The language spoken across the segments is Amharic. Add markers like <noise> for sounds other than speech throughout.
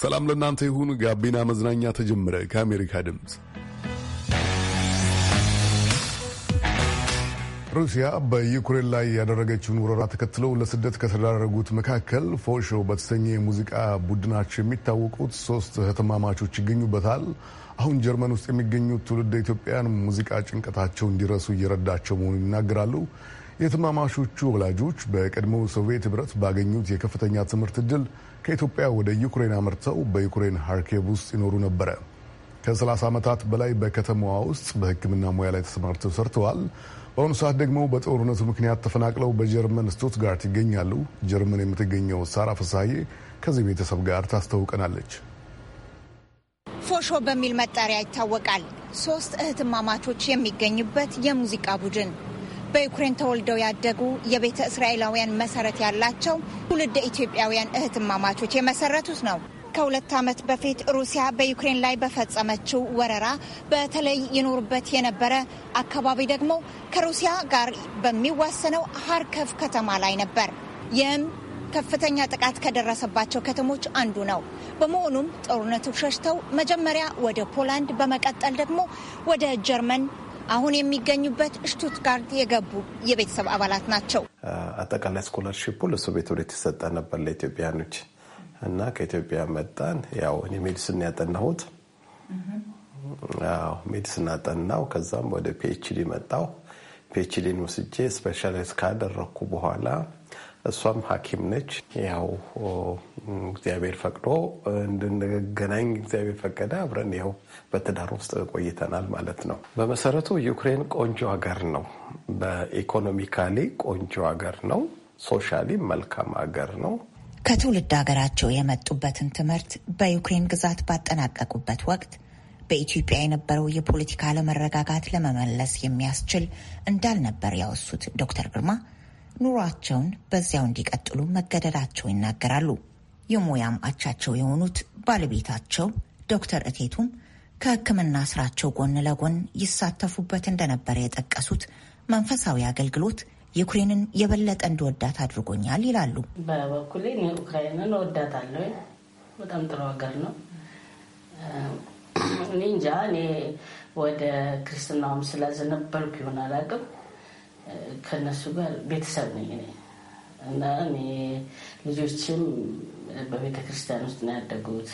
ሰላም ለእናንተ ይሁን። ጋቢና መዝናኛ ተጀመረ። ከአሜሪካ ድምፅ ሩሲያ በዩክሬን ላይ ያደረገችውን ወረራ ተከትለው ለስደት ከተዳረጉት መካከል ፎሾ በተሰኘ የሙዚቃ ቡድናቸው የሚታወቁት ሶስት ህተማማቾች ይገኙበታል። አሁን ጀርመን ውስጥ የሚገኙት ትውልደ ኢትዮጵያን ሙዚቃ ጭንቀታቸው እንዲረሱ እየረዳቸው መሆኑን ይናገራሉ። የተማማቾቹ ወላጆች በቀድሞው ሶቪየት ህብረት ባገኙት የከፍተኛ ትምህርት እድል ከኢትዮጵያ ወደ ዩክሬን አመርተው በዩክሬን ሃርኬቭ ውስጥ ይኖሩ ነበረ። ከ30 ዓመታት በላይ በከተማዋ ውስጥ በህክምና ሙያ ላይ ተሰማርተው ሰርተዋል። በአሁኑ ሰዓት ደግሞ በጦርነቱ ምክንያት ተፈናቅለው በጀርመን ስቱትጋርት ይገኛሉ። ጀርመን የምትገኘው ሳራ ፍሳሐዬ ከዚህ ቤተሰብ ጋር ታስተውቀናለች። ፎሾ በሚል መጠሪያ ይታወቃል። ሶስት እህትማማቾች የሚገኙበት የሙዚቃ ቡድን በዩክሬን ተወልደው ያደጉ የቤተ እስራኤላውያን መሰረት ያላቸው ትውልደ ኢትዮጵያውያን እህትማማቾች የመሰረቱት ነው። ከሁለት ዓመት በፊት ሩሲያ በዩክሬን ላይ በፈጸመችው ወረራ በተለይ ይኖሩበት የነበረ አካባቢ ደግሞ ከሩሲያ ጋር በሚዋሰነው ሀርከፍ ከተማ ላይ ነበር። ይህም ከፍተኛ ጥቃት ከደረሰባቸው ከተሞች አንዱ ነው። በመሆኑም ጦርነቱ ሸሽተው መጀመሪያ ወደ ፖላንድ በመቀጠል ደግሞ ወደ ጀርመን አሁን የሚገኙበት ሽቱትጋርድ የገቡ የቤተሰብ አባላት ናቸው። አጠቃላይ ስኮላርሺፑ ለሶቪየት ወደ የተሰጠ ነበር ለኢትዮጵያኖች። እና ከኢትዮጵያ መጣን። ያው እኔ ሜዲስን ያጠናሁት ሜዲስን አጠናው። ከዛም ወደ ፒኤችዲ መጣው። ፒኤችዲን ውስጄ ስፔሻላይዝ ካደረግኩ በኋላ እሷም ሐኪም ነች። ያው እግዚአብሔር ፈቅዶ እንድንገናኝ እግዚአብሔር ፈቀደ። አብረን ያው በትዳር ውስጥ ቆይተናል ማለት ነው። በመሰረቱ ዩክሬን ቆንጆ ሀገር ነው። በኢኮኖሚካሊ ቆንጆ ሀገር ነው። ሶሻሊ መልካም ሀገር ነው። ከትውልድ ሀገራቸው የመጡበትን ትምህርት በዩክሬን ግዛት ባጠናቀቁበት ወቅት በኢትዮጵያ የነበረው የፖለቲካ አለመረጋጋት ለመመለስ የሚያስችል እንዳልነበር ያወሱት ዶክተር ግርማ ኑሯቸውን በዚያው እንዲቀጥሉ መገደዳቸው ይናገራሉ። የሙያም አቻቸው የሆኑት ባለቤታቸው ዶክተር እቴቱም ከሕክምና ስራቸው ጎን ለጎን ይሳተፉበት እንደነበረ የጠቀሱት መንፈሳዊ አገልግሎት ዩክሬንን የበለጠ እንድወዳት አድርጎኛል ይላሉ። በበኩሌ እኔ ወዳት እወዳታለሁ። በጣም ጥሩ ሀገር ነው። እኔ እንጃ እኔ ወደ ክርስትናውም ስላዘነበልኩ ይሆን አላውቅም። ከነሱ ጋር ቤተሰብ ነኝ እኔ እና እኔ ልጆችም በቤተ ክርስቲያን ውስጥ ነው ያደጉት።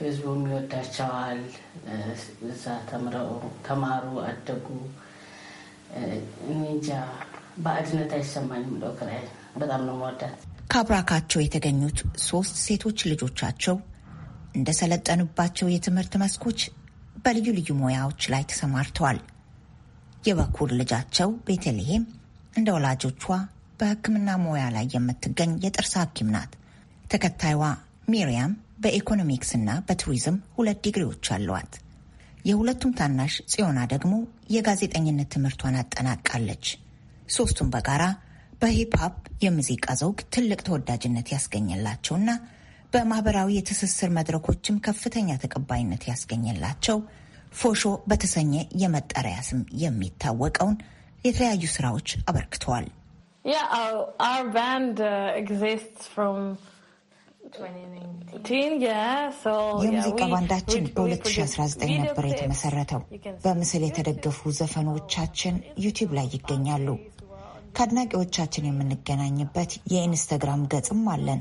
ህዝቡም ይወዳቸዋል። እዛ ተምረው ተማሩ አደጉ። እንጃ ባዕድነት አይሰማኝም። ለክላይ በጣም ነው መወዳት። ከአብራካቸው የተገኙት ሶስት ሴቶች ልጆቻቸው እንደሰለጠኑባቸው የትምህርት መስኮች በልዩ ልዩ ሙያዎች ላይ ተሰማርተዋል። የበኩር ልጃቸው ቤተልሔም እንደ ወላጆቿ በሕክምና ሙያ ላይ የምትገኝ የጥርስ ሐኪም ናት። ተከታይዋ ሚሪያም በኢኮኖሚክስ እና በቱሪዝም ሁለት ዲግሪዎች አለዋት። የሁለቱም ታናሽ ጽዮና ደግሞ የጋዜጠኝነት ትምህርቷን አጠናቃለች። ሶስቱም በጋራ በሂፕሀፕ የሙዚቃ ዘውግ ትልቅ ተወዳጅነት ያስገኘላቸውና በማህበራዊ የትስስር መድረኮችም ከፍተኛ ተቀባይነት ያስገኘላቸው ፎሾ በተሰኘ የመጠሪያ ስም የሚታወቀውን የተለያዩ ስራዎች አበርክተዋል። uh, የሙዚቃ ባንዳችን በ2019 ነበር የተመሰረተው። በምስል የተደገፉ ዘፈኖቻችን ዩቲዩብ ላይ ይገኛሉ። ከአድናቂዎቻችን የምንገናኝበት የኢንስተግራም ገጽም አለን።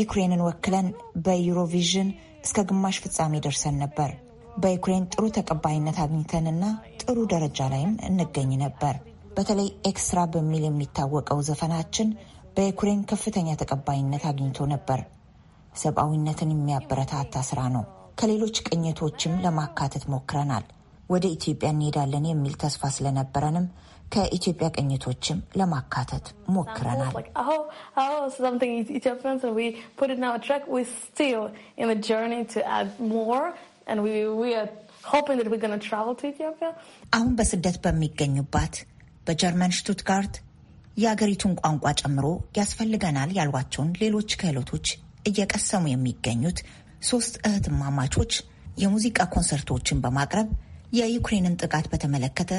ዩክሬንን ወክለን በዩሮቪዥን እስከ ግማሽ ፍጻሜ ደርሰን ነበር። በዩክሬን ጥሩ ተቀባይነት አግኝተንና ጥሩ ደረጃ ላይም እንገኝ ነበር። በተለይ ኤክስትራ በሚል የሚታወቀው ዘፈናችን በዩክሬን ከፍተኛ ተቀባይነት አግኝቶ ነበር። ሰብአዊነትን የሚያበረታታ ስራ ነው። ከሌሎች ቅኝቶችም ለማካተት ሞክረናል። ወደ ኢትዮጵያ እንሄዳለን የሚል ተስፋ ስለነበረንም ከኢትዮጵያ ቅኝቶችም ለማካተት ሞክረናል። አሁን በስደት በሚገኙባት በጀርመን ሽቱትጋርት የአገሪቱን ቋንቋ ጨምሮ ያስፈልገናል ያሏቸውን ሌሎች ክህሎቶች እየቀሰሙ የሚገኙት ሶስት እህትማማቾች የሙዚቃ ኮንሰርቶችን በማቅረብ የዩክሬንን ጥቃት በተመለከተ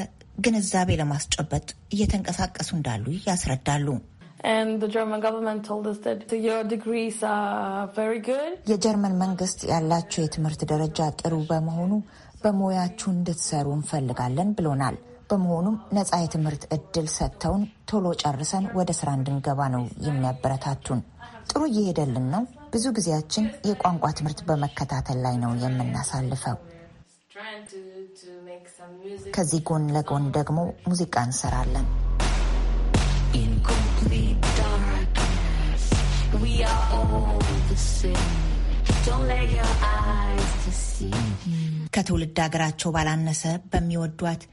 ግንዛቤ ለማስጨበጥ እየተንቀሳቀሱ እንዳሉ ያስረዳሉ። የጀርመን መንግስት ያላችሁ የትምህርት ደረጃ ጥሩ በመሆኑ በሙያችሁ እንድትሰሩ እንፈልጋለን ብሎናል። በመሆኑም ነፃ የትምህርት እድል ሰጥተውን ቶሎ ጨርሰን ወደ ስራ እንድንገባ ነው የሚያበረታቱን። ጥሩ እየሄደልን ነው። ብዙ ጊዜያችን የቋንቋ ትምህርት በመከታተል ላይ ነው የምናሳልፈው። ከዚህ ጎን ለጎን ደግሞ ሙዚቃ እንሰራለን። ከትውልድ ሀገራቸው ባላነሰ በሚወዷት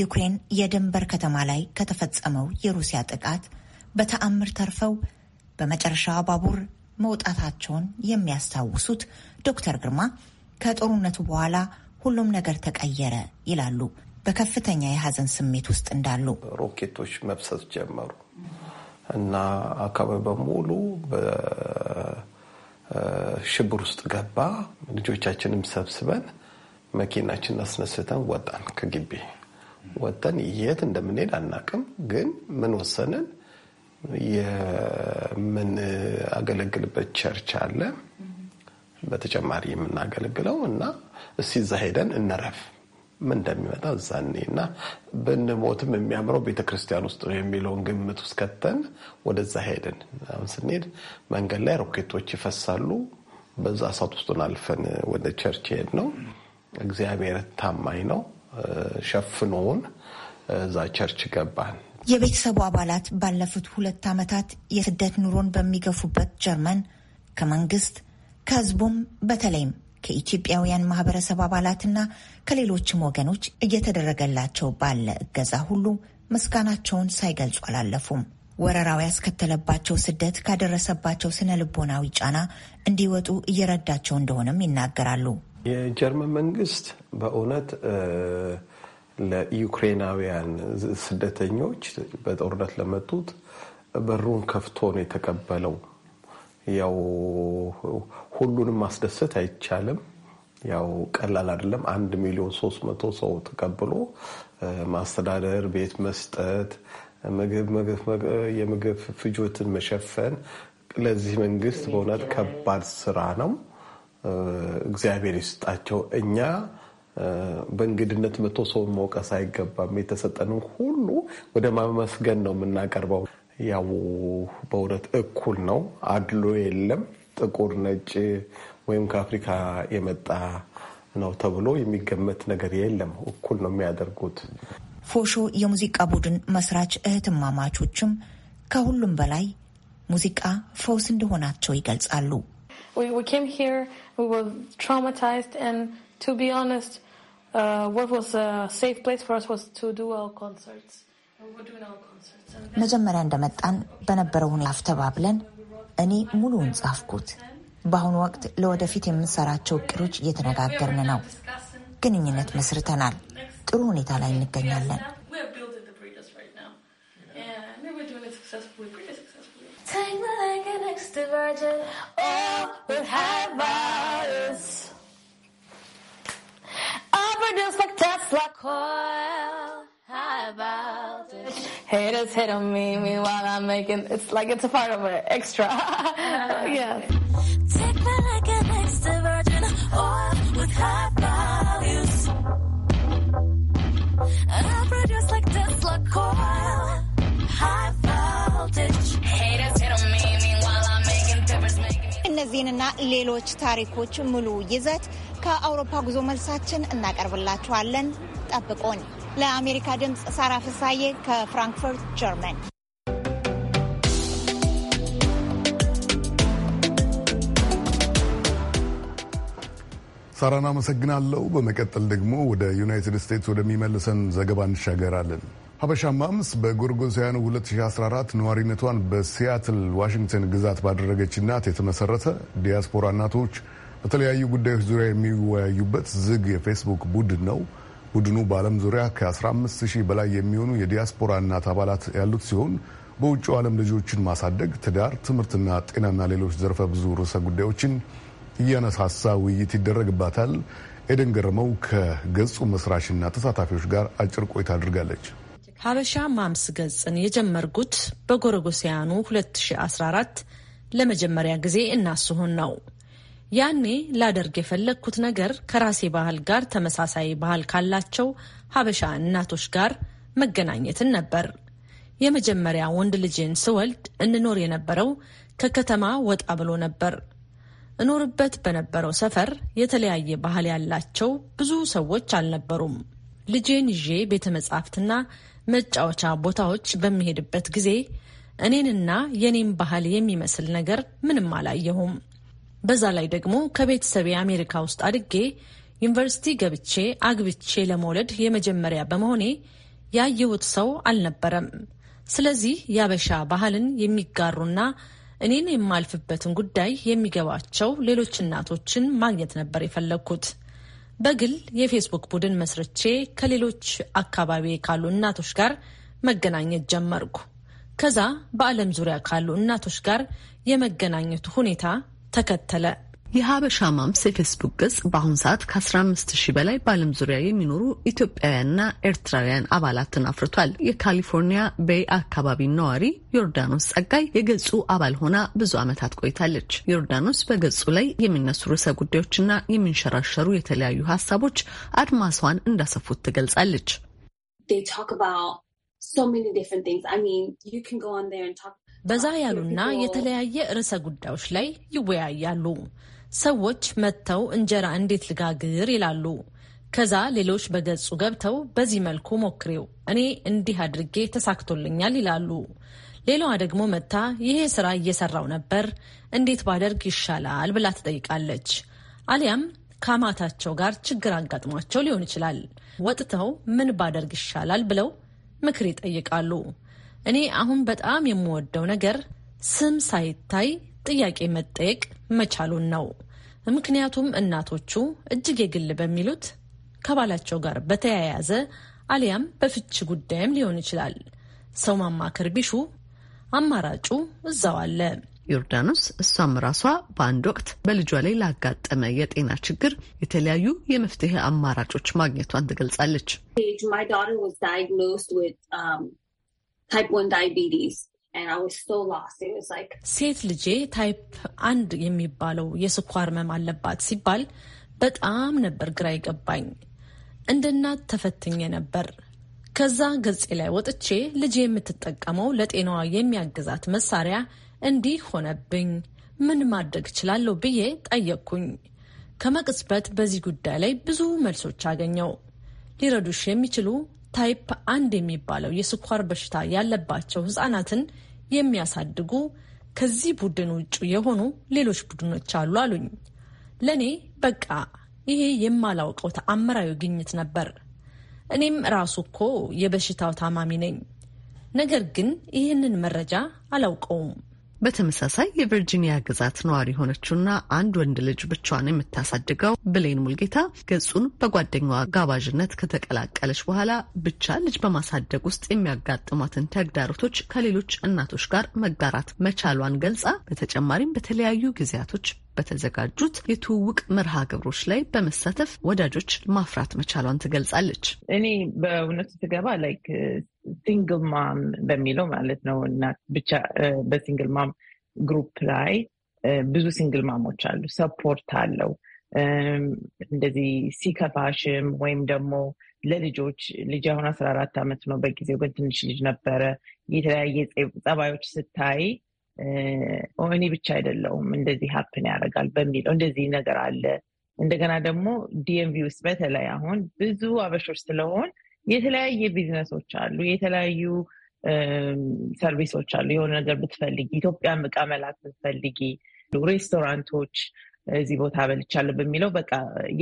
ዩክሬን የድንበር ከተማ ላይ ከተፈጸመው የሩሲያ ጥቃት በተአምር ተርፈው በመጨረሻ ባቡር መውጣታቸውን የሚያስታውሱት ዶክተር ግርማ ከጦርነቱ በኋላ ሁሉም ነገር ተቀየረ ይላሉ። በከፍተኛ የሀዘን ስሜት ውስጥ እንዳሉ ሮኬቶች መብሰስ ጀመሩ እና አካባቢ በሙሉ በሽብር ውስጥ ገባ። ልጆቻችንም ሰብስበን መኪናችን አስነስተን ወጣን። ከግቢ ወጠን የት እንደምንሄድ አናቅም፣ ግን ምን ወሰንን? የምንገለግልበት ቸርች አለ። በተጨማሪ የምናገለግለው እና እስቲ እዛ ሄደን እንረፍ ምን እንደሚመጣ እዛ እኔ እና ብንሞትም የሚያምረው ቤተክርስቲያን ውስጥ ነው የሚለውን ግምት ውስጥ ከተን ወደዛ ሄደን አሁን ስንሄድ መንገድ ላይ ሮኬቶች ይፈሳሉ። በዛ እሳት ውስጡን አልፈን ወደ ቸርች ሄድ ነው። እግዚአብሔር ታማኝ ነው። ሸፍኖውን እዛ ቸርች ገባን። የቤተሰቡ አባላት ባለፉት ሁለት ዓመታት የስደት ኑሮን በሚገፉበት ጀርመን ከመንግስት ከህዝቡም በተለይም ከኢትዮጵያውያን ማህበረሰብ አባላትና ከሌሎችም ወገኖች እየተደረገላቸው ባለ እገዛ ሁሉ ምስጋናቸውን ሳይገልጹ አላለፉም። ወረራው ያስከተለባቸው ስደት ካደረሰባቸው ስነ ልቦናዊ ጫና እንዲወጡ እየረዳቸው እንደሆነም ይናገራሉ። የጀርመን መንግስት በእውነት ለዩክሬናውያን ስደተኞች በጦርነት ለመጡት በሩን ከፍቶ ነው የተቀበለው። ያው ሁሉንም ማስደሰት አይቻልም። ያው ቀላል አይደለም። አንድ ሚሊዮን ሶስት መቶ ሰው ተቀብሎ ማስተዳደር፣ ቤት መስጠት፣ የምግብ ፍጆትን መሸፈን ለዚህ መንግስት በእውነት ከባድ ስራ ነው። እግዚአብሔር ይስጣቸው እኛ በእንግድነት መቶ ሰውን መውቀስ አይገባም። የተሰጠንን ሁሉ ወደ ማመስገን ነው የምናቀርበው። ያው በእውነት እኩል ነው፣ አድሎ የለም። ጥቁር፣ ነጭ ወይም ከአፍሪካ የመጣ ነው ተብሎ የሚገመት ነገር የለም። እኩል ነው የሚያደርጉት። ፎሾ የሙዚቃ ቡድን መስራች እህትማማቾችም ከሁሉም በላይ ሙዚቃ ፈውስ እንደሆናቸው ይገልጻሉ። to be honest, uh, what was a safe place for us was to do our concerts. መጀመሪያ እንደመጣን በነበረውን አፍተባብለን እኔ ሙሉውን ጻፍኩት። በአሁኑ ወቅት ለወደፊት የምንሰራቸው እቅዶች እየተነጋገርን ነው። ግንኙነት መስርተናል። ጥሩ ሁኔታ ላይ እንገኛለን። Take my leg and Oh, produce like Tesla coil. How about Haters hate on me, meanwhile I'm making it's like it's a part of it, extra. <laughs> yeah. Take me like an extra virgin oil with high values. I produce like Tesla coil, high voltage. Haters hate on me, meanwhile I'm making papers, making. እነዚህንና ሌሎች ታሪኮች ሙሉ ይዘት ከአውሮፓ ጉዞ መልሳችን እናቀርብላችኋለን። ጠብቆን። ለአሜሪካ ድምፅ ሳራ ፍሳዬ ከፍራንክፈርት ጀርመን። ሳራን አመሰግናለሁ። በመቀጠል ደግሞ ወደ ዩናይትድ ስቴትስ ወደሚመልሰን ዘገባ እንሻገራለን። ሀበሻ ማምስ በጎርጎሳውያኑ 2014 ነዋሪነቷን በሲያትል ዋሽንግተን ግዛት ባደረገች እናት የተመሰረተ ዲያስፖራ እናቶች በተለያዩ ጉዳዮች ዙሪያ የሚወያዩበት ዝግ የፌስቡክ ቡድን ነው። ቡድኑ በዓለም ዙሪያ ከ15 ሺህ በላይ የሚሆኑ የዲያስፖራ እናት አባላት ያሉት ሲሆን በውጭው ዓለም ልጆችን ማሳደግ፣ ትዳር፣ ትምህርትና ጤናና ሌሎች ዘርፈ ብዙ ርዕሰ ጉዳዮችን እያነሳሳ ውይይት ይደረግባታል። ኤደን ገረመው ከገጹ መስራችና ተሳታፊዎች ጋር አጭር ቆይታ አድርጋለች። ሀበሻ ማምስ ገጽን የጀመርጉት በጎረጎሲያኑ 2014 ለመጀመሪያ ጊዜ እናስሆን ነው። ያኔ ላደርግ የፈለግኩት ነገር ከራሴ ባህል ጋር ተመሳሳይ ባህል ካላቸው ሀበሻ እናቶች ጋር መገናኘትን ነበር። የመጀመሪያ ወንድ ልጄን ስወልድ እንኖር የነበረው ከከተማ ወጣ ብሎ ነበር። እኖርበት በነበረው ሰፈር የተለያየ ባህል ያላቸው ብዙ ሰዎች አልነበሩም። ልጄን ይዤ ቤተ መጻሕፍትና መጫወቻ ቦታዎች በሚሄድበት ጊዜ እኔንና የኔም ባህል የሚመስል ነገር ምንም አላየሁም። በዛ ላይ ደግሞ ከቤተሰብ አሜሪካ ውስጥ አድጌ ዩኒቨርሲቲ ገብቼ አግብቼ ለመውለድ የመጀመሪያ በመሆኔ ያየሁት ሰው አልነበረም። ስለዚህ ያበሻ ባህልን የሚጋሩና እኔን የማልፍበትን ጉዳይ የሚገባቸው ሌሎች እናቶችን ማግኘት ነበር የፈለግኩት። በግል የፌስቡክ ቡድን መስርቼ ከሌሎች አካባቢ ካሉ እናቶች ጋር መገናኘት ጀመርኩ። ከዛ በዓለም ዙሪያ ካሉ እናቶች ጋር የመገናኘቱ ሁኔታ ተከተለ። የሀበሻ ማምስ የፌስቡክ ገጽ በአሁኑ ሰዓት ከ15 ሺህ በላይ በዓለም ዙሪያ የሚኖሩ ኢትዮጵያውያንና ኤርትራውያን አባላትን አፍርቷል። የካሊፎርኒያ ቤይ አካባቢ ነዋሪ ዮርዳኖስ ጸጋይ የገጹ አባል ሆና ብዙ ዓመታት ቆይታለች። ዮርዳኖስ በገጹ ላይ የሚነሱ ርዕሰ ጉዳዮችና የሚንሸራሸሩ የተለያዩ ሀሳቦች አድማስዋን እንዳሰፉት ትገልጻለች። በዛ ያሉና የተለያየ ርዕሰ ጉዳዮች ላይ ይወያያሉ። ሰዎች መጥተው እንጀራ እንዴት ልጋግር ይላሉ። ከዛ ሌሎች በገጹ ገብተው በዚህ መልኩ ሞክሬው እኔ እንዲህ አድርጌ ተሳክቶልኛል ይላሉ። ሌላዋ ደግሞ መጥታ ይሄ ስራ እየሰራው ነበር እንዴት ባደርግ ይሻላል ብላ ትጠይቃለች። አሊያም ከአማታቸው ጋር ችግር አጋጥሟቸው ሊሆን ይችላል። ወጥተው ምን ባደርግ ይሻላል ብለው ምክር ይጠይቃሉ። እኔ አሁን በጣም የምወደው ነገር ስም ሳይታይ ጥያቄ መጠየቅ መቻሉን ነው። ምክንያቱም እናቶቹ እጅግ የግል በሚሉት ከባላቸው ጋር በተያያዘ አሊያም በፍች ጉዳይም ሊሆን ይችላል ሰው ማማከር ቢሹ አማራጩ እዛው አለ። ዮርዳኖስ እሷም ራሷ በአንድ ወቅት በልጇ ላይ ላጋጠመ የጤና ችግር የተለያዩ የመፍትሄ አማራጮች ማግኘቷን ትገልጻለች። ሴት ልጄ ታይፕ አንድ የሚባለው የስኳር ህመም አለባት ሲባል በጣም ነበር ግራ የገባኝ። እንደ እናት ተፈትኜ ነበር። ከዛ ገጼ ላይ ወጥቼ ልጄ የምትጠቀመው ለጤናዋ የሚያግዛት መሳሪያ እንዲህ ሆነብኝ፣ ምን ማድረግ እችላለሁ ብዬ ጠየቅኩኝ። ከመቅጽበት በዚህ ጉዳይ ላይ ብዙ መልሶች አገኘው። ሊረዱሽ የሚችሉ ታይፕ አንድ የሚባለው የስኳር በሽታ ያለባቸው ህጻናትን የሚያሳድጉ ከዚህ ቡድን ውጭ የሆኑ ሌሎች ቡድኖች አሉ አሉኝ። ለእኔ በቃ ይሄ የማላውቀው ተአምራዊ ግኝት ነበር። እኔም ራሱ እኮ የበሽታው ታማሚ ነኝ፣ ነገር ግን ይህንን መረጃ አላውቀውም። በተመሳሳይ የቨርጂኒያ ግዛት ነዋሪ የሆነችውና አንድ ወንድ ልጅ ብቻዋን የምታሳድገው ብሌን ሙልጌታ ገጹን በጓደኛዋ ጋባዥነት ከተቀላቀለች በኋላ ብቻ ልጅ በማሳደግ ውስጥ የሚያጋጥሟትን ተግዳሮቶች ከሌሎች እናቶች ጋር መጋራት መቻሏን ገልጻ በተጨማሪም በተለያዩ ጊዜያቶች በተዘጋጁት የትውውቅ መርሃ ግብሮች ላይ በመሳተፍ ወዳጆች ማፍራት መቻሏን ትገልጻለች። እኔ በእውነቱ ስገባ ላይክ ሲንግል ማም በሚለው ማለት ነው እና ብቻ በሲንግል ማም ግሩፕ ላይ ብዙ ሲንግል ማሞች አሉ። ሰፖርት አለው እንደዚህ ሲከፋሽም ወይም ደግሞ ለልጆች ልጅ አሁን አስራ አራት ዓመት ነው። በጊዜው ግን ትንሽ ልጅ ነበረ። የተለያየ ጸባዮች ስታይ እኔ ብቻ አይደለውም እንደዚህ ሀፕን ያደርጋል በሚለው እንደዚህ ነገር አለ። እንደገና ደግሞ ዲኤምቪ ውስጥ በተለይ አሁን ብዙ አበሾች ስለሆን የተለያየ ቢዝነሶች አሉ፣ የተለያዩ ሰርቪሶች አሉ። የሆነ ነገር ብትፈልጊ ኢትዮጵያ እቃ መላክ ብትፈልጊ ሬስቶራንቶች እዚህ ቦታ በልቻለሁ በሚለው በቃ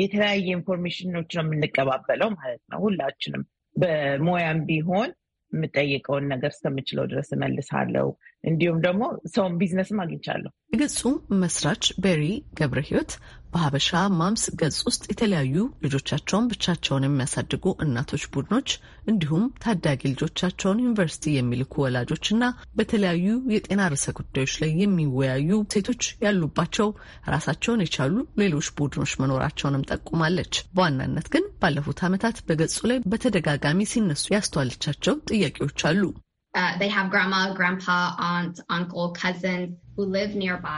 የተለያየ ኢንፎርሜሽኖች ነው የምንቀባበለው ማለት ነው። ሁላችንም በሙያም ቢሆን የምጠይቀውን ነገር እስከምችለው ድረስ እመልሳለው። እንዲሁም ደግሞ ሰውን ቢዝነስም አግኝቻለሁ። የገጹ መስራች ቤሪ ገብረ ህይወት በሀበሻ ማምስ ገጽ ውስጥ የተለያዩ ልጆቻቸውን ብቻቸውን የሚያሳድጉ እናቶች ቡድኖች እንዲሁም ታዳጊ ልጆቻቸውን ዩኒቨርሲቲ የሚልኩ ወላጆችና በተለያዩ የጤና ርዕሰ ጉዳዮች ላይ የሚወያዩ ሴቶች ያሉባቸው ራሳቸውን የቻሉ ሌሎች ቡድኖች መኖራቸውንም ጠቁማለች። በዋናነት ግን ባለፉት ዓመታት በገጹ ላይ በተደጋጋሚ ሲነሱ ያስተዋለቻቸው ጥያቄዎች አሉ። Uh,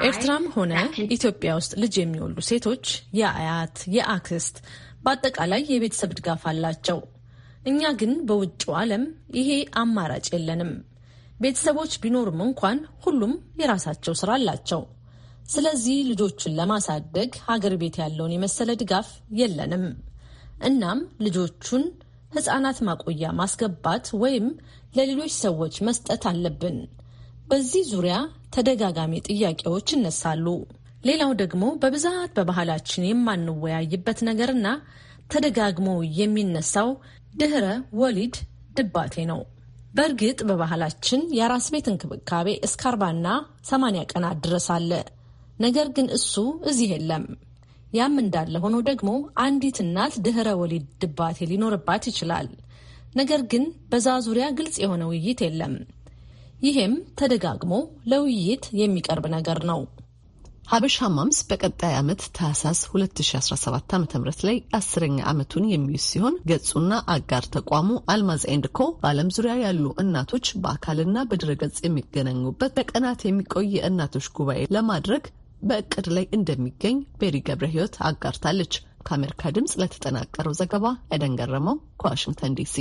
ኤርትራም ሆነ ኢትዮጵያ ውስጥ ልጅ የሚወሉ ሴቶች የአያት የአክስት በአጠቃላይ የቤተሰብ ድጋፍ አላቸው። እኛ ግን በውጭው ዓለም ይሄ አማራጭ የለንም። ቤተሰቦች ቢኖርም እንኳን ሁሉም የራሳቸው ስራ አላቸው። ስለዚህ ልጆችን ለማሳደግ ሀገር ቤት ያለውን የመሰለ ድጋፍ የለንም። እናም ልጆቹን ህጻናት ማቆያ ማስገባት ወይም ለሌሎች ሰዎች መስጠት አለብን? በዚህ ዙሪያ ተደጋጋሚ ጥያቄዎች ይነሳሉ። ሌላው ደግሞ በብዛት በባህላችን የማንወያይበት ነገርና ተደጋግሞ የሚነሳው ድህረ ወሊድ ድባቴ ነው። በእርግጥ በባህላችን የአራስ ቤት እንክብካቤ እስከ አርባና ሰማንያ ቀናት ድረስ አለ። ነገር ግን እሱ እዚህ የለም። ያም እንዳለ ሆኖ ደግሞ አንዲት እናት ድህረ ወሊድ ድባቴ ሊኖርባት ይችላል። ነገር ግን በዛ ዙሪያ ግልጽ የሆነ ውይይት የለም። ይህም ተደጋግሞ ለውይይት የሚቀርብ ነገር ነው። ሀበሻ ማምስ በቀጣይ ዓመት ታህሳስ 2017 ዓ ም ላይ አስረኛ ዓመቱን የሚይዝ ሲሆን ገጹና አጋር ተቋሙ አልማዝ ኤንድ ኮ በዓለም ዙሪያ ያሉ እናቶች በአካልና በድረገጽ የሚገናኙበት በቀናት የሚቆይ የእናቶች ጉባኤ ለማድረግ በእቅድ ላይ እንደሚገኝ ቤሪ ገብረ ህይወት አጋርታለች። ከአሜሪካ ድምፅ ለተጠናቀረው ዘገባ ኤደን ገረመው ከዋሽንግተን ዲሲ።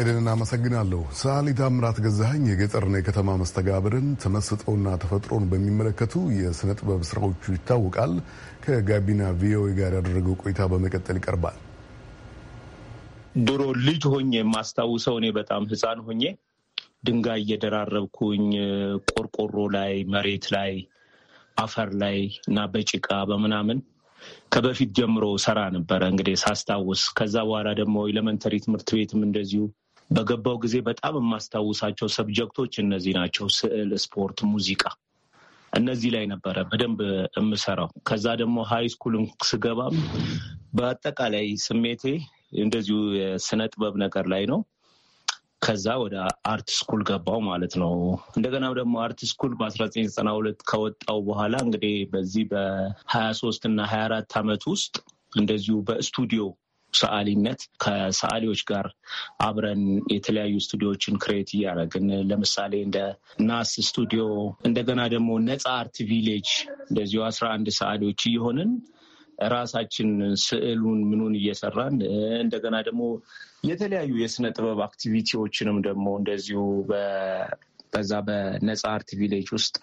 ኤደን አመሰግናለሁ። ሰዓሊ ታምራት ገዛኸኝ የገጠርና የከተማ መስተጋብርን ተመስጠውና ተፈጥሮን በሚመለከቱ የሥነ ጥበብ ሥራዎቹ ይታወቃል። ከጋቢና ቪኦኤ ጋር ያደረገው ቆይታ በመቀጠል ይቀርባል። ድሮ ልጅ ሆኜ የማስታውሰው እኔ በጣም ህፃን ሆኜ ድንጋይ እየደራረብኩኝ ቆርቆሮ ላይ፣ መሬት ላይ፣ አፈር ላይ እና በጭቃ በምናምን ከበፊት ጀምሮ ሰራ ነበረ እንግዲህ ሳስታውስ። ከዛ በኋላ ደግሞ ኤሌመንተሪ ትምህርት ቤትም እንደዚሁ በገባው ጊዜ በጣም የማስታውሳቸው ሰብጀክቶች እነዚህ ናቸው። ስዕል፣ ስፖርት፣ ሙዚቃ እነዚህ ላይ ነበረ በደንብ የምሰራው። ከዛ ደግሞ ሃይ ስኩልን ስገባም በአጠቃላይ ስሜቴ እንደዚሁ የስነ ጥበብ ነገር ላይ ነው። ከዛ ወደ አርት ስኩል ገባው ማለት ነው። እንደገና ደግሞ አርት ስኩል በ1992 ከወጣው በኋላ እንግዲህ በዚህ በ23 እና 24 አመት ውስጥ እንደዚሁ በስቱዲዮ ሰዓሊነት ከሰዓሊዎች ጋር አብረን የተለያዩ ስቱዲዮዎችን ክሬት እያደረግን ለምሳሌ እንደ ናስ ስቱዲዮ እንደገና ደግሞ ነፃ አርት ቪሌጅ እንደዚሁ አስራ አንድ ሰዓሊዎች እየሆንን ራሳችን ስዕሉን ምኑን እየሰራን እንደገና ደግሞ የተለያዩ የስነ ጥበብ አክቲቪቲዎችንም ደግሞ እንደዚሁ በዛ በነፃ አርት ቪሌጅ ውስጥ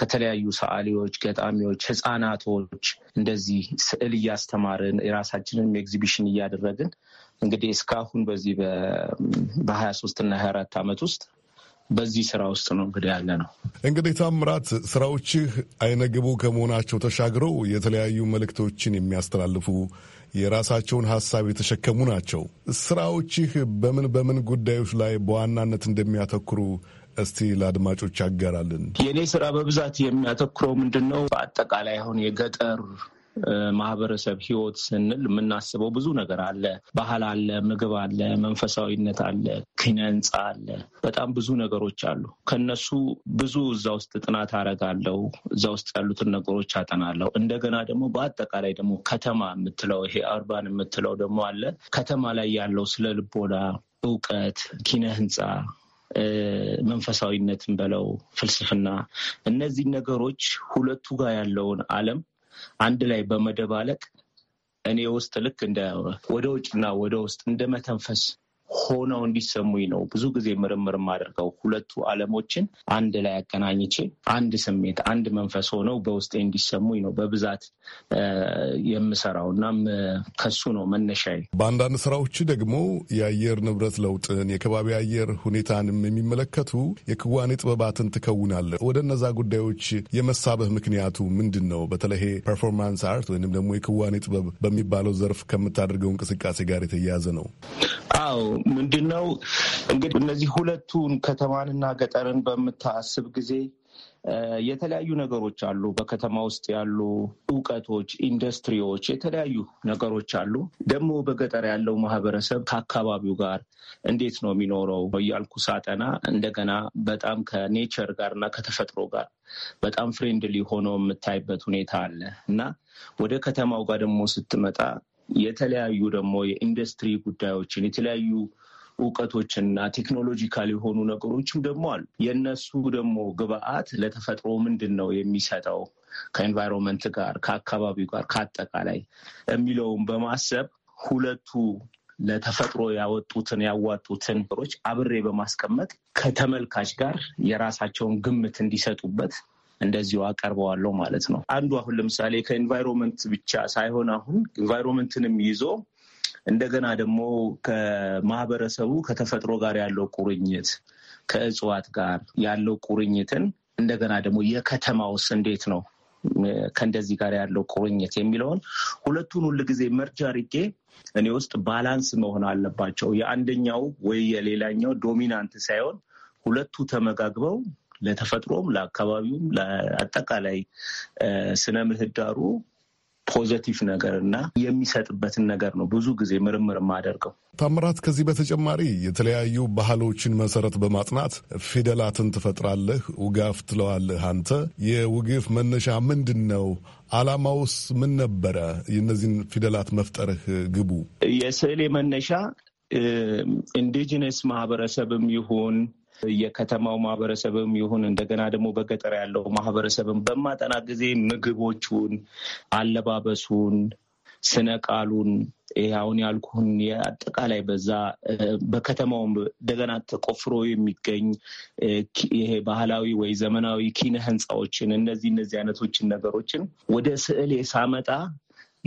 ከተለያዩ ሰዓሊዎች፣ ገጣሚዎች፣ ህፃናቶች እንደዚህ ስዕል እያስተማርን የራሳችንን ኤግዚቢሽን እያደረግን እንግዲህ እስካሁን በዚህ በሀያ ሶስት እና ሀያ አራት ዓመት ውስጥ በዚህ ስራ ውስጥ ነው እንግዲህ ያለ ነው። እንግዲህ ታምራት፣ ስራዎችህ አይነግቡ ከመሆናቸው ተሻግረው የተለያዩ መልእክቶችን የሚያስተላልፉ የራሳቸውን ሀሳብ የተሸከሙ ናቸው። ስራዎችህ በምን በምን ጉዳዮች ላይ በዋናነት እንደሚያተኩሩ እስቲ ለአድማጮች ያጋራልን። የእኔ ስራ በብዛት የሚያተኩረው ምንድን ነው? በአጠቃላይ አሁን የገጠር ማህበረሰብ ህይወት ስንል የምናስበው ብዙ ነገር አለ። ባህል አለ፣ ምግብ አለ፣ መንፈሳዊነት አለ፣ ኪነ ህንፃ አለ። በጣም ብዙ ነገሮች አሉ። ከነሱ ብዙ እዛ ውስጥ ጥናት አረጋለው። እዛ ውስጥ ያሉትን ነገሮች አጠናለው። እንደገና ደግሞ በአጠቃላይ ደግሞ ከተማ የምትለው ይሄ አርባን የምትለው ደግሞ አለ። ከተማ ላይ ያለው ስለ ልቦና እውቀት፣ ኪነ ህንፃ መንፈሳዊነትን በለው ፍልስፍና፣ እነዚህ ነገሮች ሁለቱ ጋር ያለውን ዓለም አንድ ላይ በመደባለቅ እኔ ውስጥ ልክ ወደ ውጭና ወደ ውስጥ እንደ መተንፈስ ሆነው እንዲሰሙኝ ነው ብዙ ጊዜ ምርምር የማደርገው። ሁለቱ ዓለሞችን አንድ ላይ አገናኝቼ አንድ ስሜት፣ አንድ መንፈስ ሆነው በውስጤ እንዲሰሙኝ ነው በብዛት የምሰራው። እናም ከሱ ነው መነሻዬ። በአንዳንድ ስራዎች ደግሞ የአየር ንብረት ለውጥን፣ የከባቢ አየር ሁኔታንም የሚመለከቱ የክዋኔ ጥበባትን ትከውናለህ። ወደ እነዛ ጉዳዮች የመሳበህ ምክንያቱ ምንድን ነው? በተለይ ፐርፎርማንስ አርት ወይንም ደግሞ የክዋኔ ጥበብ በሚባለው ዘርፍ ከምታደርገው እንቅስቃሴ ጋር የተያያዘ ነው? አዎ ምንድን ነው እንግዲህ እነዚህ ሁለቱን ከተማንና ገጠርን በምታስብ ጊዜ የተለያዩ ነገሮች አሉ። በከተማ ውስጥ ያሉ እውቀቶች፣ ኢንዱስትሪዎች፣ የተለያዩ ነገሮች አሉ። ደግሞ በገጠር ያለው ማህበረሰብ ከአካባቢው ጋር እንዴት ነው የሚኖረው እያልኩ ሳጠና እንደገና በጣም ከኔቸር ጋር እና ከተፈጥሮ ጋር በጣም ፍሬንድሊ ሆኖ የምታይበት ሁኔታ አለ እና ወደ ከተማው ጋር ደግሞ ስትመጣ የተለያዩ ደግሞ የኢንዱስትሪ ጉዳዮችን የተለያዩ እውቀቶችና ቴክኖሎጂካል የሆኑ ነገሮችም ደግሞ አሉ። የእነሱ ደግሞ ግብአት ለተፈጥሮ ምንድን ነው የሚሰጠው ከኤንቫይሮንመንት ጋር ከአካባቢው ጋር ከአጠቃላይ የሚለውን በማሰብ ሁለቱ ለተፈጥሮ ያወጡትን ያዋጡትን ነገሮች አብሬ በማስቀመጥ ከተመልካች ጋር የራሳቸውን ግምት እንዲሰጡበት እንደዚሁ አቀርበዋለሁ ማለት ነው። አንዱ አሁን ለምሳሌ ከኤንቫይሮንመንት ብቻ ሳይሆን አሁን ኤንቫይሮንመንትንም ይዞ እንደገና ደግሞ ከማህበረሰቡ ከተፈጥሮ ጋር ያለው ቁርኝት ከእጽዋት ጋር ያለው ቁርኝትን እንደገና ደግሞ የከተማ ውስጥ እንዴት ነው ከእንደዚህ ጋር ያለው ቁርኝት የሚለውን ሁለቱን ሁል ጊዜ መርጃ አድርጌ እኔ ውስጥ ባላንስ መሆን አለባቸው። የአንደኛው ወይ የሌላኛው ዶሚናንት ሳይሆን ሁለቱ ተመጋግበው ለተፈጥሮም፣ ለአካባቢውም፣ ለአጠቃላይ ስነ ምህዳሩ ፖዘቲቭ ነገር እና የሚሰጥበትን ነገር ነው ብዙ ጊዜ ምርምር የማደርገው። ታምራት፣ ከዚህ በተጨማሪ የተለያዩ ባህሎችን መሰረት በማጥናት ፊደላትን ትፈጥራለህ። ውጋፍ ትለዋለህ አንተ። የውግፍ መነሻ ምንድን ነው? አላማውስ ምን ነበረ? የእነዚህን ፊደላት መፍጠርህ ግቡ? የስዕሌ መነሻ ኢንዲጂነስ ማህበረሰብም ይሁን የከተማው ማህበረሰብም ይሁን እንደገና ደግሞ በገጠር ያለው ማህበረሰብም በማጠና ጊዜ ምግቦቹን፣ አለባበሱን፣ ስነ ቃሉን አሁን ያልኩን የአጠቃላይ በዛ በከተማውም እንደገና ተቆፍሮ የሚገኝ ይሄ ባህላዊ ወይ ዘመናዊ ኪነ ህንፃዎችን እነዚህ እነዚህ አይነቶችን ነገሮችን ወደ ስዕል ሳመጣ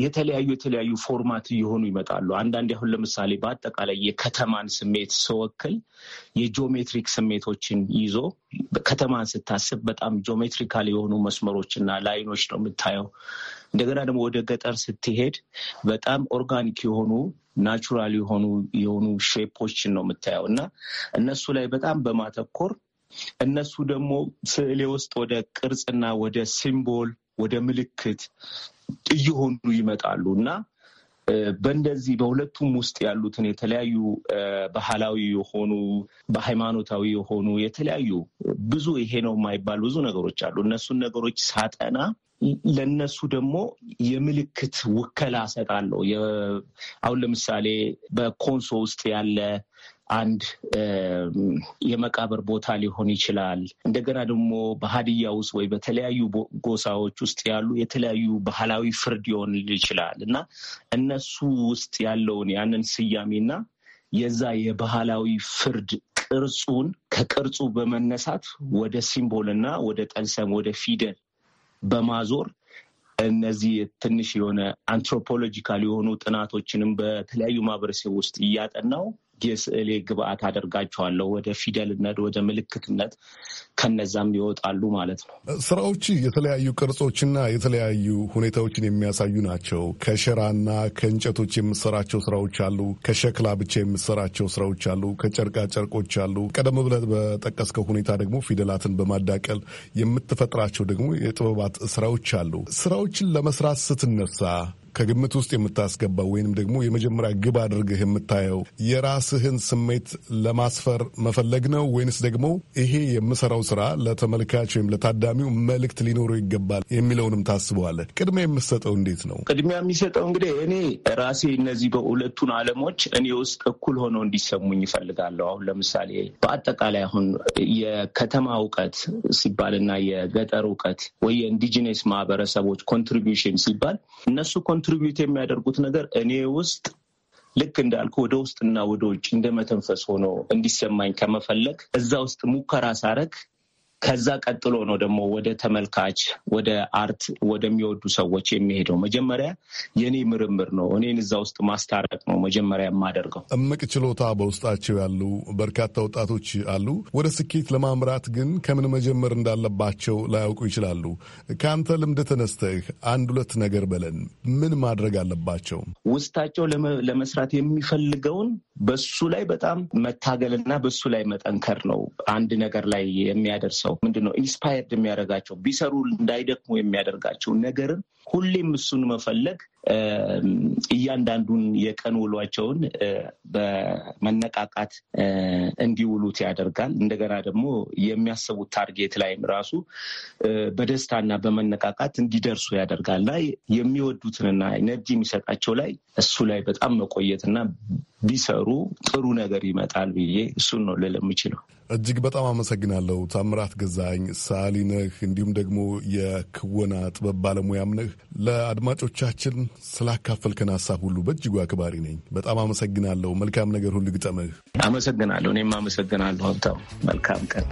የተለያዩ የተለያዩ ፎርማት እየሆኑ ይመጣሉ። አንዳንዴ አሁን ለምሳሌ በአጠቃላይ የከተማን ስሜት ስወክል የጂኦሜትሪክ ስሜቶችን ይዞ ከተማን ስታስብ በጣም ጂኦሜትሪካል የሆኑ መስመሮችና ላይኖች ነው የምታየው። እንደገና ደግሞ ወደ ገጠር ስትሄድ በጣም ኦርጋኒክ የሆኑ ናቹራል የሆኑ የሆኑ ሼፖችን ነው የምታየው እና እነሱ ላይ በጣም በማተኮር እነሱ ደግሞ ስዕሌ ውስጥ ወደ ቅርጽና ወደ ሲምቦል ወደ ምልክት እየሆኑ ይመጣሉ እና በእንደዚህ በሁለቱም ውስጥ ያሉትን የተለያዩ ባህላዊ የሆኑ በሃይማኖታዊ የሆኑ የተለያዩ ብዙ ይሄ ነው የማይባል ብዙ ነገሮች አሉ። እነሱን ነገሮች ሳጠና ለእነሱ ደግሞ የምልክት ውከላ እሰጣለሁ። አሁን ለምሳሌ በኮንሶ ውስጥ ያለ አንድ የመቃብር ቦታ ሊሆን ይችላል። እንደገና ደግሞ በሀዲያ ውስጥ ወይ በተለያዩ ጎሳዎች ውስጥ ያሉ የተለያዩ ባህላዊ ፍርድ ሊሆን ይችላል እና እነሱ ውስጥ ያለውን ያንን ስያሜና የዛ የባህላዊ ፍርድ ቅርጹን ከቅርጹ በመነሳት ወደ ሲምቦልና ወደ ጠልሰም ወደ ፊደል በማዞር እነዚህ ትንሽ የሆነ አንትሮፖሎጂካል የሆኑ ጥናቶችንም በተለያዩ ማህበረሰብ ውስጥ እያጠናው የስዕሌ ግብአት አደርጋቸዋለሁ ወደ ፊደልነት፣ ወደ ምልክትነት ከነዛም ይወጣሉ ማለት ነው። ስራዎች የተለያዩ ቅርጾችና የተለያዩ ሁኔታዎችን የሚያሳዩ ናቸው። ከሸራና ከእንጨቶች የምሰራቸው ስራዎች አሉ። ከሸክላ ብቻ የምሰራቸው ስራዎች አሉ። ከጨርቃ ጨርቆች አሉ። ቀደም ብለህ በጠቀስከው ሁኔታ ደግሞ ፊደላትን በማዳቀል የምትፈጥራቸው ደግሞ የጥበባት ስራዎች አሉ። ስራዎችን ለመስራት ስትነሳ ከግምት ውስጥ የምታስገባው ወይንም ደግሞ የመጀመሪያ ግብ አድርገህ የምታየው የራስህን ስሜት ለማስፈር መፈለግ ነው ወይንስ ደግሞ ይሄ የምሰራው ስራ ለተመልካች ወይም ለታዳሚው መልእክት ሊኖረው ይገባል የሚለውንም ታስበዋለህ? ቅድሚያ የምሰጠው እንዴት ነው? ቅድሚያ የሚሰጠው እንግዲህ እኔ ራሴ እነዚህ በሁለቱን አለሞች እኔ ውስጥ እኩል ሆነው እንዲሰሙኝ ይፈልጋለሁ። አሁን ለምሳሌ በአጠቃላይ አሁን የከተማ እውቀት እና የገጠር እውቀት ወይ የኢንዲጂነስ ማህበረሰቦች ኮንትሪቢሽን ሲባል እነሱ ኮንትሪቢዩት የሚያደርጉት ነገር እኔ ውስጥ ልክ እንዳልኩ ወደ ውስጥና ወደ ውጭ እንደመተንፈስ ሆኖ እንዲሰማኝ ከመፈለግ እዛ ውስጥ ሙከራ ሳረግ ከዛ ቀጥሎ ነው ደግሞ ወደ ተመልካች፣ ወደ አርት ወደሚወዱ ሰዎች የሚሄደው። መጀመሪያ የኔ ምርምር ነው። እኔን እዛ ውስጥ ማስታረቅ ነው መጀመሪያ የማደርገው። እምቅ ችሎታ በውስጣቸው ያሉ በርካታ ወጣቶች አሉ። ወደ ስኬት ለማምራት ግን ከምን መጀመር እንዳለባቸው ላያውቁ ይችላሉ። ከአንተ ልምድ ተነስተህ አንድ ሁለት ነገር በለን። ምን ማድረግ አለባቸው? ውስጣቸው ለመስራት የሚፈልገውን በሱ ላይ በጣም መታገልና በሱ ላይ መጠንከር ነው አንድ ነገር ላይ የሚያደርሰው ሰው ነው ኢንስፓየርድ የሚያደርጋቸው ቢሰሩ እንዳይደክሙ የሚያደርጋቸው ነገርን ሁሌም እሱን መፈለግ እያንዳንዱን የቀን ውሏቸውን በመነቃቃት እንዲውሉት ያደርጋል። እንደገና ደግሞ የሚያስቡት ታርጌት ላይም ራሱ በደስታና በመነቃቃት እንዲደርሱ ያደርጋልና የሚወዱትንና ኤነርጂ የሚሰጣቸው ላይ እሱ ላይ በጣም መቆየትና ቢሰሩ ጥሩ ነገር ይመጣል ብዬ እሱን ነው ልል የምችለው። እጅግ በጣም አመሰግናለሁ። ታምራት ገዛኝ ሰዓሊ ነህ፣ እንዲሁም ደግሞ የክወና ጥበብ ባለሙያም ነህ። ለአድማጮቻችን ስላካፈልከን ሀሳብ ሁሉ በእጅጉ አክባሪ ነኝ። በጣም አመሰግናለሁ። መልካም ነገር ሁሉ ግጠምህ። አመሰግናለሁ። እኔም አመሰግናለሁ ሀብታው። መልካም ቀን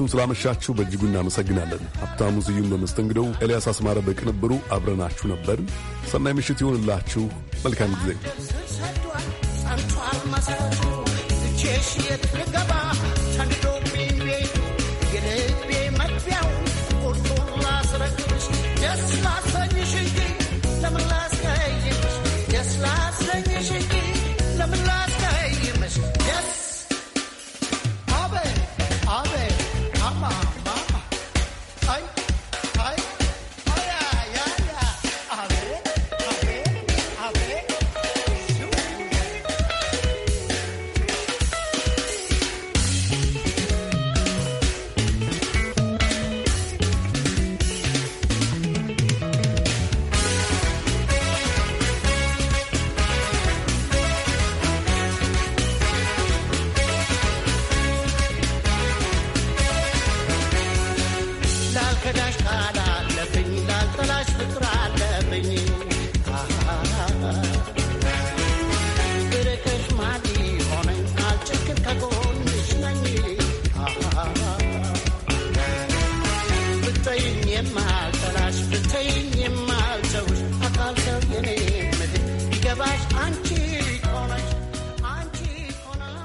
አብራችሁን ስላመሻችሁ በእጅጉ እናመሰግናለን። ሀብታሙ ስዩም በመስተንግደው፣ ኤልያስ አስማረ በቅንብሩ አብረናችሁ ነበር። ሰናይ ምሽት ይሆንላችሁ። መልካም ጊዜ